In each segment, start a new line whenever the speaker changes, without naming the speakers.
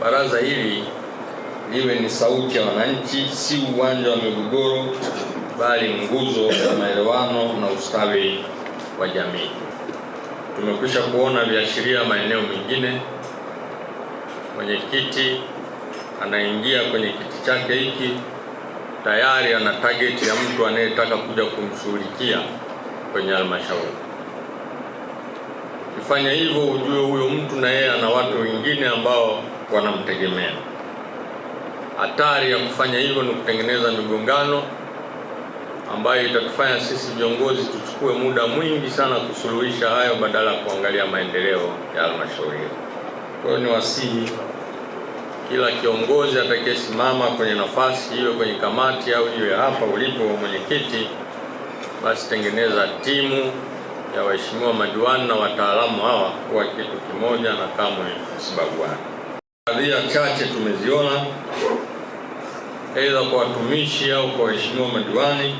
baraza hili liwe ni sauti ya wananchi, si uwanja wa migogoro, bali nguzo ya maelewano na ustawi wa jamii. Tumekwisha kuona viashiria maeneo mengine. Mwenyekiti anaingia kwenye kiti chake hiki tayari ana target ya mtu anayetaka kuja kumshughulikia kwenye halmashauri. Ukifanya hivyo, ujue huyo mtu na yeye ana watu wengine ambao wanamtegemea. Hatari ya kufanya hivyo ni kutengeneza migongano ambayo itatufanya sisi viongozi tuchukue muda mwingi sana kusuluhisha hayo badala ya kuangalia maendeleo ya halmashauri hiyo. Kwa hiyo niwasihi kila kiongozi atakayesimama kwenye nafasi hiyo, kwenye kamati au hiyo hapa ulipo mwenyekiti, basi tengeneza timu ya waheshimiwa madiwani na wataalamu hawa kuwa kitu kimoja na kamwe msibaguane. Kadhia chache tumeziona aidha kwa watumishi au kwa waheshimiwa madiwani,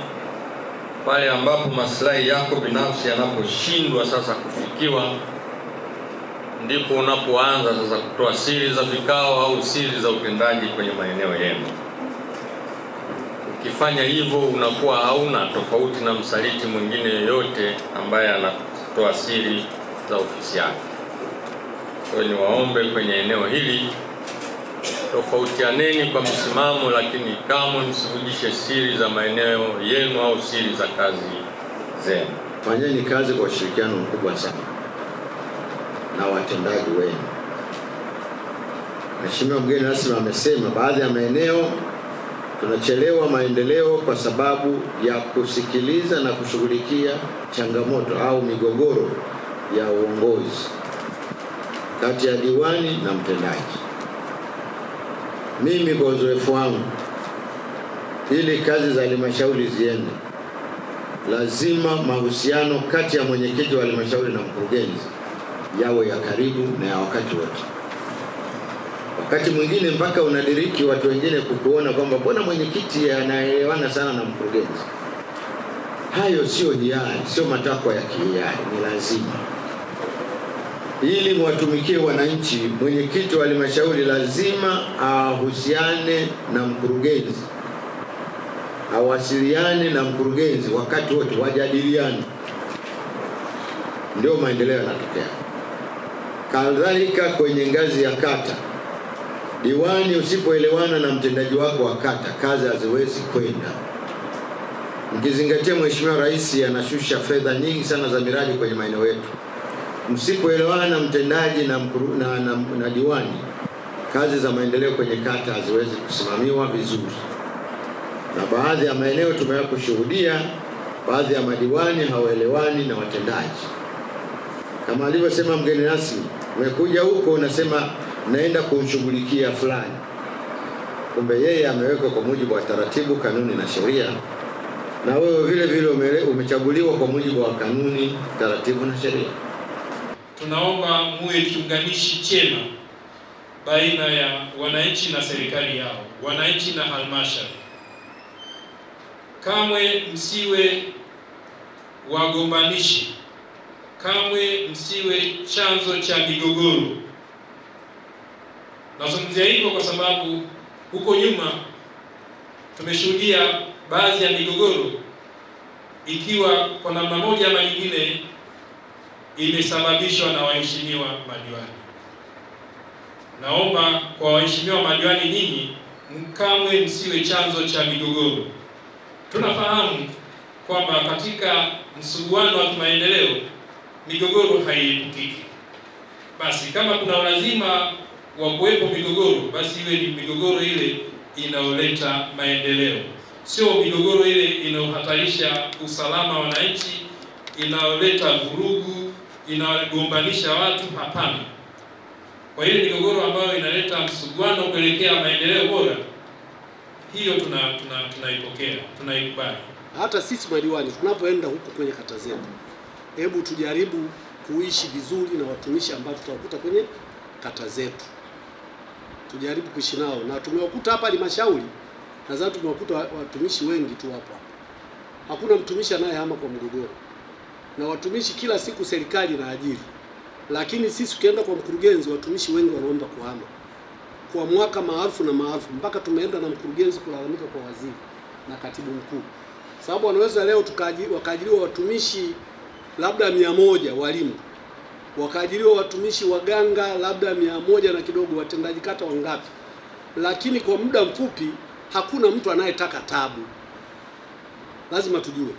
pale ambapo maslahi yako binafsi yanaposhindwa sasa kufikiwa, ndipo unapoanza sasa kutoa siri za vikao au siri za utendaji kwenye maeneo yenu. Ukifanya hivyo, unakuwa hauna tofauti na msaliti mwingine yoyote ambaye anatoa siri za ofisi yake. Kwa ni waombe kwenye eneo hili, tofautianeni kwa msimamo, lakini kamwe msivujishe siri za maeneo yenu au siri za kazi zenu.
Fanyeni kazi kwa ushirikiano mkubwa sana na watendaji wenu. Mheshimiwa mgeni rasmi amesema baadhi ya maeneo tunachelewa maendeleo kwa sababu ya kusikiliza na kushughulikia changamoto au migogoro ya uongozi kati ya diwani na mtendaji. Mimi kwa uzoefu wangu, ili kazi za halmashauri ziende, lazima mahusiano kati ya mwenyekiti wa halmashauri na mkurugenzi yawe ya karibu na ya wakati wote. Wakati mwingine mpaka unadiriki watu wengine kukuona kwamba mbona mwenyekiti anaelewana sana na mkurugenzi. Hayo sio hiari, sio matakwa ya kihiari, ni lazima ili mwatumikie wananchi, mwenyekiti wa halmashauri lazima ahusiane na mkurugenzi, awasiliane na mkurugenzi wakati wote, wajadiliane, ndio maendeleo yanatokea. Kadhalika kwenye ngazi ya kata, diwani, usipoelewana na mtendaji wako wa kata, kazi haziwezi kwenda. Mkizingatia Mheshimiwa Rais anashusha fedha nyingi sana za miradi kwenye maeneo yetu. Msipoelewana mtendaji na, mkuru, na, na, na diwani, kazi za maendeleo kwenye kata haziwezi kusimamiwa vizuri, na baadhi ya maeneo tumewahi kushuhudia baadhi ya madiwani hawaelewani na watendaji, kama alivyosema mgeni rasmi. Umekuja huko unasema naenda kumshughulikia fulani, kumbe yeye amewekwa kwa mujibu wa taratibu, kanuni na sheria, na wewe vile vile umechaguliwa kwa mujibu wa kanuni, taratibu na sheria
tunaomba muwe kiunganishi chema baina ya wananchi na serikali yao, wananchi na halmashauri. Kamwe msiwe wagombanishi, kamwe msiwe chanzo cha migogoro. Nazungumzia hivyo kwa sababu huko nyuma tumeshuhudia baadhi ya migogoro ikiwa kwa namna moja ama nyingine imesababishwa na waheshimiwa madiwani. Naomba kwa waheshimiwa madiwani, nyinyi mkamwe msiwe chanzo cha migogoro. Tunafahamu kwamba katika msuguano wa kimaendeleo migogoro haiepukiki. Basi kama kuna ulazima wa kuwepo migogoro, basi iwe ni migogoro ile inayoleta maendeleo, sio migogoro ile inayohatarisha usalama wa wananchi, inayoleta vurugu inawagombanisha watu, hapana. Kwa hiyo migogoro ambayo inaleta msuguano kuelekea maendeleo bora, hiyo tuna tunaipokea, tuna tunaikubali.
Hata sisi madiwani tunapoenda huko kwenye kata zetu, hebu tujaribu kuishi vizuri na watumishi ambao tutawakuta kwenye kata zetu, tujaribu kuishi nao, na tumewakuta hapa halmashauri, nadhani tumewakuta watumishi wengi tu hapa, hakuna mtumishi anayehama kwa mgogoro na watumishi kila siku serikali na ajiri lakini sisi tukienda kwa mkurugenzi, watumishi wengi wanaomba kuhama kwa mwaka maarufu na maarufu, mpaka tumeenda na mkurugenzi kulalamika kwa waziri na katibu mkuu, sababu wanaweza leo wakaajiriwa watumishi labda mia moja walimu wakaajiriwa watumishi waganga labda mia moja na kidogo, watendaji kata wangapi, lakini kwa muda mfupi hakuna mtu anayetaka tabu. Lazima tujue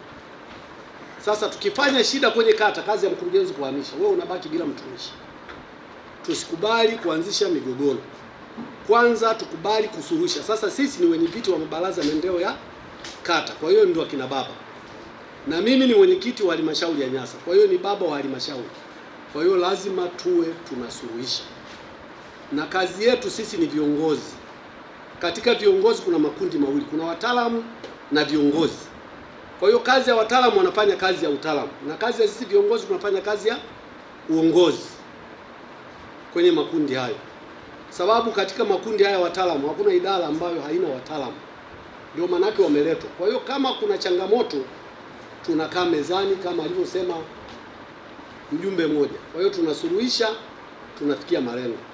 sasa tukifanya shida kwenye kata, kazi ya mkurugenzi kuhamisha, wewe unabaki bila mtumishi. Tusikubali kuanzisha migogoro, kwanza tukubali kusuluhisha. Sasa sisi ni wenyeviti wa mabaraza maendeleo ya kata, kwa hiyo ndio akina baba, na mimi ni mwenyekiti wa halmashauri ya Nyasa, kwa hiyo ni baba wa halmashauri. Kwa hiyo lazima tuwe tunasuluhisha, na kazi yetu sisi ni viongozi. Katika viongozi kuna makundi mawili, kuna wataalamu na viongozi. Kwa hiyo kazi ya wataalamu wanafanya kazi ya utaalamu na kazi ya sisi viongozi tunafanya kazi ya uongozi kwenye makundi hayo, sababu katika makundi haya wataalamu, hakuna idara ambayo haina wataalamu, ndio maanake wameletwa. Kwa hiyo kama kuna changamoto tunakaa mezani kama alivyosema mjumbe mmoja. Kwa hiyo tunasuluhisha, tunafikia malengo.